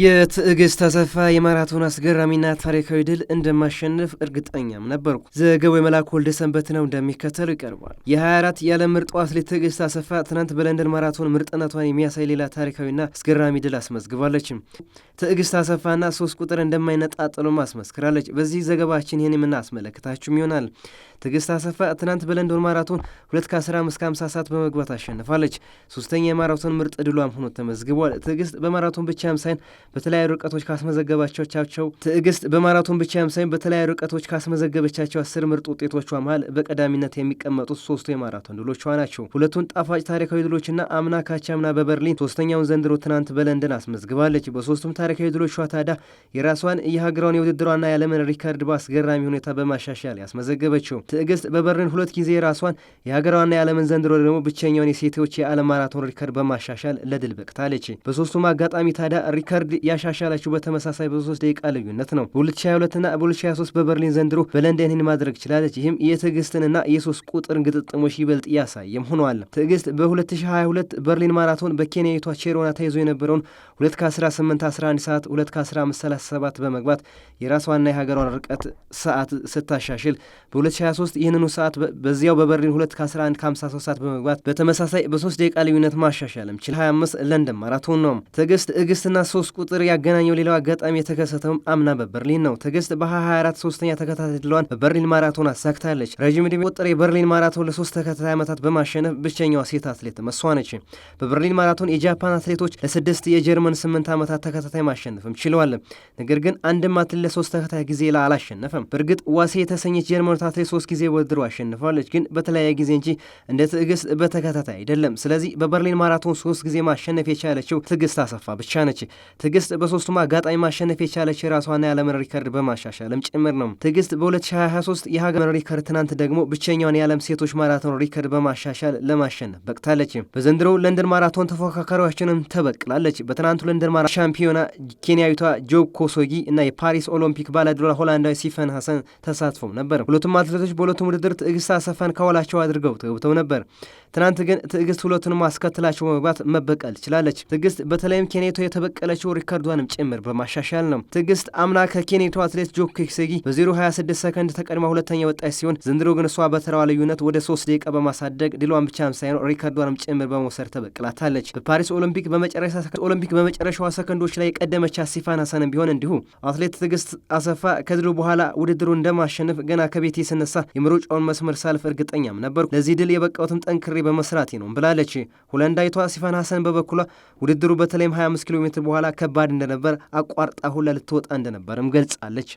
የትዕግስት አሰፋ የማራቶን አስገራሚና ታሪካዊ ድል እንደማሸንፍ እርግጠኛም ነበርኩ። ዘገባው የመላኩ ወልደ ሰንበት ነው፣ እንደሚከተለው ይቀርባል። የ24 የዓለም ምርጧ አትሌት ትዕግስት አሰፋ ትናንት በለንደን ማራቶን ምርጥነቷን የሚያሳይ ሌላ ታሪካዊና አስገራሚ ድል አስመዝግባለችም። ትዕግስት አሰፋና ሶስት ቁጥር እንደማይነጣጥሉም አስመስክራለች። በዚህ ዘገባችን ይህን የምናስመለክታችሁም ይሆናል። ትዕግስት አሰፋ ትናንት በለንደን ማራቶን 2 ከ1550 እስከ ሰዓት በመግባት አሸንፋለች። ሶስተኛ የማራቶን ምርጥ ድሏም ሆኖ ተመዝግቧል። ትዕግስት በማራቶን ብቻም ሳይን በተለያዩ ርቀቶች ካስመዘገባቻቸው ትዕግስት በማራቶን ብቻ ሳይሆን በተለያዩ ርቀቶች ካስመዘገበቻቸው አስር ምርጥ ውጤቶቿ መሀል በቀዳሚነት የሚቀመጡት ሶስቱ የማራቶን ድሎቿ ናቸው። ሁለቱን ጣፋጭ ታሪካዊ ድሎችና አምና ካቻምና በበርሊን ሶስተኛውን ዘንድሮ ትናንት በለንደን አስመዝግባለች። በሶስቱም ታሪካዊ ድሎቿ ታዳ የራሷን የሀገሯን የውድድሯና የዓለምን ሪከርድ በአስገራሚ ሁኔታ በማሻሻል ያስመዘገበችው ትዕግስት በበርሊን ሁለት ጊዜ የራሷን የሀገሯና የዓለምን ዘንድሮ ደግሞ ብቸኛውን የሴቶች የዓለም ማራቶን ሪካርድ በማሻሻል ለድል በቅታለች። በሶስቱም አጋጣሚ ታዳ ሪካርድ ያሻሻለችው በተመሳሳይ በሶስት ደቂቃ ልዩነት ነው። በ2022ና በ2023 በበርሊን ዘንድሮ በለንደንን ማድረግ ችላለች። ይህም የትዕግስትንና የሶስት ቁጥር ግጥጥሞች ይበልጥ ያሳየም ሆኗል። ትዕግስት በ2022 በርሊን ማራቶን በኬንያዊቷ ቼሮና ተይዞ የነበረውን 2 ከ18 11 ሰዓት 2 ከ1537 በመግባት የራሷና የሀገሯን ርቀት ሰዓት ስታሻሽል በ2023 ይህንኑ ሰዓት በዚያው በበርሊን 2 ከ11 53 ሰዓት በመግባት በተመሳሳይ በሶስት ደቂቃ ልዩነት ማሻሻልም ችል 25 ለንደን ማራቶን ነው። ትዕግስት እግስትና ሶስት ቁጥር ያገናኘው ሌላው አጋጣሚ የተከሰተውም አምና በበርሊን ነው። ትዕግስት በ24 ሶስተኛ ተከታታይ ድሏን በበርሊን ማራቶን አሳክታለች። ረዥም ዕድሜ ቁጥር የበርሊን ማራቶን ለሶስት ተከታታይ ዓመታት በማሸነፍ ብቸኛዋ ሴት አትሌት መሷ ነች። በበርሊን ማራቶን የጃፓን አትሌቶች ለስድስት የጀርመን ስምንት ዓመታት ተከታታይ ማሸነፍም ችለዋል። ነገር ግን አንድም አትሌት ለሶስት ተከታታይ ጊዜ ላ አላሸነፈም። በእርግጥ ዋሴ የተሰኘች ጀርመን አትሌት ሶስት ጊዜ ወድሮ አሸንፋለች፣ ግን በተለያየ ጊዜ እንጂ እንደ ትዕግስት በተከታታይ አይደለም። ስለዚህ በበርሊን ማራቶን ሶስት ጊዜ ማሸነፍ የቻለችው ትዕግስት አሰፋ ብቻ ነች። ትግስት በሶስቱም አጋጣሚ ማሸነፍ የቻለች የራሷና የዓለምን ሪከርድ በማሻሻልም ጭምር ነው። ትግስት በ2023 የሀገር ሪከርድ ትናንት ደግሞ ብቸኛውን የዓለም ሴቶች ማራቶን ሪከርድ በማሻሻል ለማሸነፍ በቅታለች። በዘንድሮው ለንደን ማራቶን ተፎካካሪዎችንም ተበቅላለች። በትናንቱ ለንደን ማራቶን ሻምፒዮና ኬንያዊቷ ጆብ ኮሶጊ እና የፓሪስ ኦሎምፒክ ባለድሏ ሆላንዳዊ ሲፈን ሀሰን ተሳትፎም ነበር። ሁለቱም አትሌቶች በሁለቱም ውድድር ትዕግስት አሰፋን ከኋላቸው አድርገው ተገብተው ነበር። ትናንት ግን ትዕግስት ሁለቱንም አስከትላቸው በመግባት መበቀል ችላለች። ትዕግስት በተለይም ኬኔቶ የተበቀለችው ሪከርዷንም ጭምር በማሻሻል ነው። ትዕግስት አምና ከኬኔቶ አትሌት ጆብ ኪፕሴጊ በ026 ሰከንድ ተቀድማ ሁለተኛ ወጣች ሲሆን ዘንድሮ ግን እሷ በተራዋ ልዩነት ወደ ሶስት ደቂቃ በማሳደግ ድሏን ብቻም ሳይሆን ሪከርዷንም ጭምር በመውሰድ ተበቅላታለች። በፓሪስ ኦሎምፒክ ኦሎምፒክ በመጨረሻዋ ሰከንዶች ላይ የቀደመች ሲፋን ሀሰንም ቢሆን እንዲሁ አትሌት ትዕግስት አሰፋ ከድሉ በኋላ ውድድሩ እንደማሸንፍ ገና ከቤቴ ስነሳ የመሮጫውን መስመር ሳልፍ እርግጠኛም ነበርኩ። ለዚህ ድል የበቃሁትም ጠንክሬ በመስራቴ ነው ብላለች። ሆላንዳዊቷ ሲፋን ሀሰን በበኩሏ ውድድሩ በተለይም 25 ኪሎ ሜትር በኋላ ከባድ እንደነበር አቋርጣ ሁላ ልትወጣ እንደነበርም ገልጻለች።